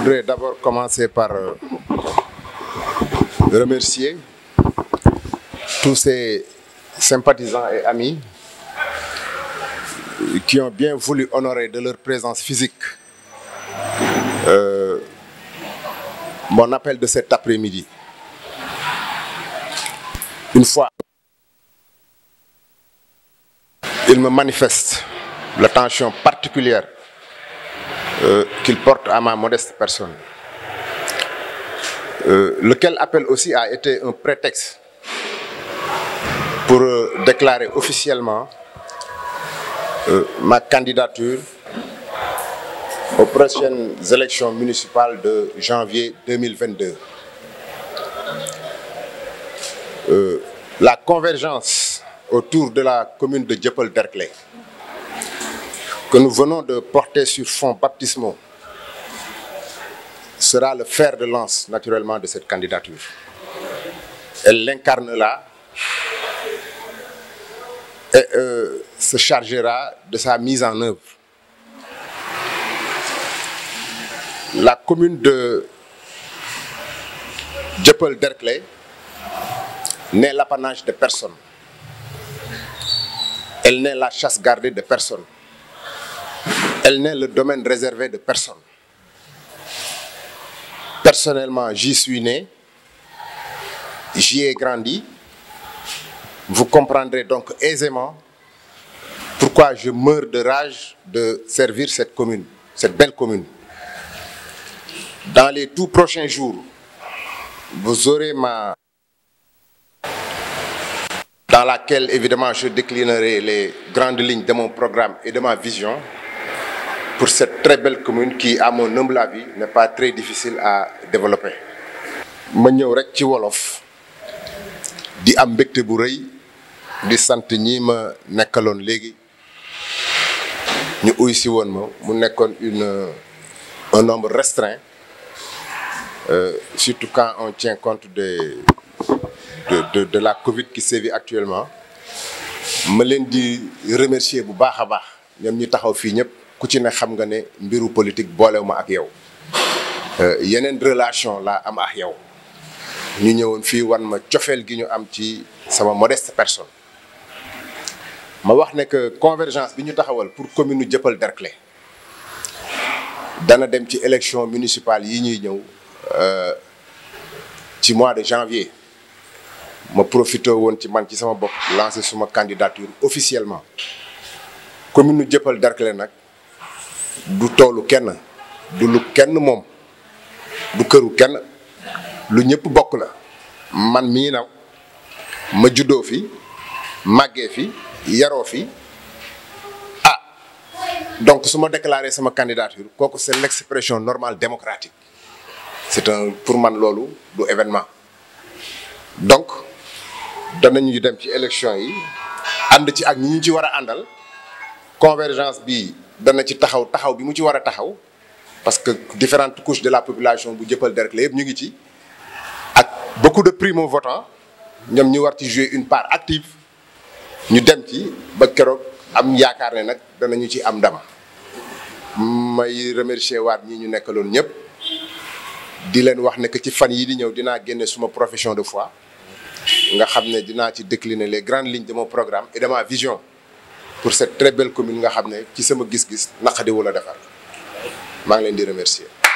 voudrais d'abord commencer par euh, remercier tous ces sympathisants et amis qui ont bien voulu honorer de leur présence physique euh, mon appel de cet après-midi. Une fois, ils me manifestent l'attention particulière euh, qu'il porte à ma modeste personne, euh, lequel appel aussi a été un prétexte pour euh, déclarer officiellement euh, ma candidature aux prochaines élections municipales de janvier 2022. Euh, la convergence autour de la commune de Dieuppeul-Derklé que nous venons de porter sur fonds baptismaux sera le fer de lance naturellement de cette candidature. Elle l'incarne là et euh, se chargera de sa mise en œuvre. La commune de Dieuppeul-Derklé n'est l'apanage de personne. Elle n'est la chasse gardée de personne. Elle n'est le domaine réservé de personne. Personnellement, j'y suis né, j'y ai grandi. Vous comprendrez donc aisément pourquoi je meurs de rage de servir cette commune, cette belle commune. Dans les tout prochains jours, vous aurez ma... dans laquelle évidemment je déclinerai les grandes lignes de mon programme et de ma vision. pour cette très belle commune qui à mon humble ne n'est pas très difficile à développer. ma ñëw rek ci wolof di am mbégte bu rëy di sant ñi ma nekkaloon léegi ñu uy woon ma mu nekkoon une un nombre restreint euh, surtout quand on tien compte de de de la Covid qui sévit actuellement ma leen di remercier bu baax a baax ñoom ñu taxaw fii ñëpp. ku ci ne xam nga ne mbiru politique boolewuma ak yow euh, yeneen relation laa am ak yow ñu ñëwoon fii wan ma cofeel gi ñu am ci sama modeste personne ma wax ne que convergence bi ñu taxawal pour commune Dieuppeul Derklé dana dem ci élection municipale yi ñuy ñëw euh, ci mois de janvier ma profité woon ci man ci sama bopp lancé suma candidature officiellement commune Dieuppeul Derklé nag du toolu kenn du lu kenn moom du këru kenn lu ñëpp bokk la man mii naw ma juddoo fi màggee fi yaroo fi ah donc su ma déclaré sama candidature kooku c'est l'expression normal démocratique c'est un pour man loolu du événement donc danañu dem ci élection yi ànd ci ak ñu ñu ci war a àndal convergence bii dana ci taxaw taxaw bi mu ci war a taxaw parce que différentes couches de la population bu jëppal Derklé yëpp ñu ngi ci ak beaucoup de primo votants ñoom ñu war ci jouer une part active ñu dem ci ba keroog am yaakaar ne nag danañu ci am dama may remercier waat ñi ñu nekkaloon ñëpp di leen wax ne ci fan yi di ñëw dinaa génne suma profession de fois nga xam ne dina ci décliner les grandes lignes de mon programme et de vision pour cette très belle commune nga xam ne ci sama gis-gis naqadiwu la defar maa ngi leen di remercier